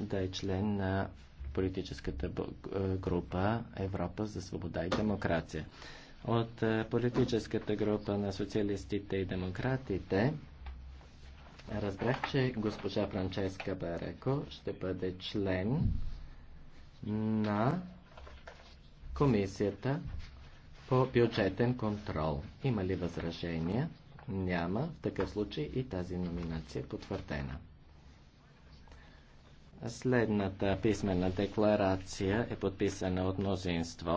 да е член на политическата група Европа за свобода и демокрация. От е, политическата група на социалистите и демократите разбрах, че госпожа Франческа Бареко ще бъде член на комисията по бюджетен контрол. Има ли възражения? Няма. В такъв случай и тази номинация е потвърдена. Следната писмена декларация е подписана от мнозинство.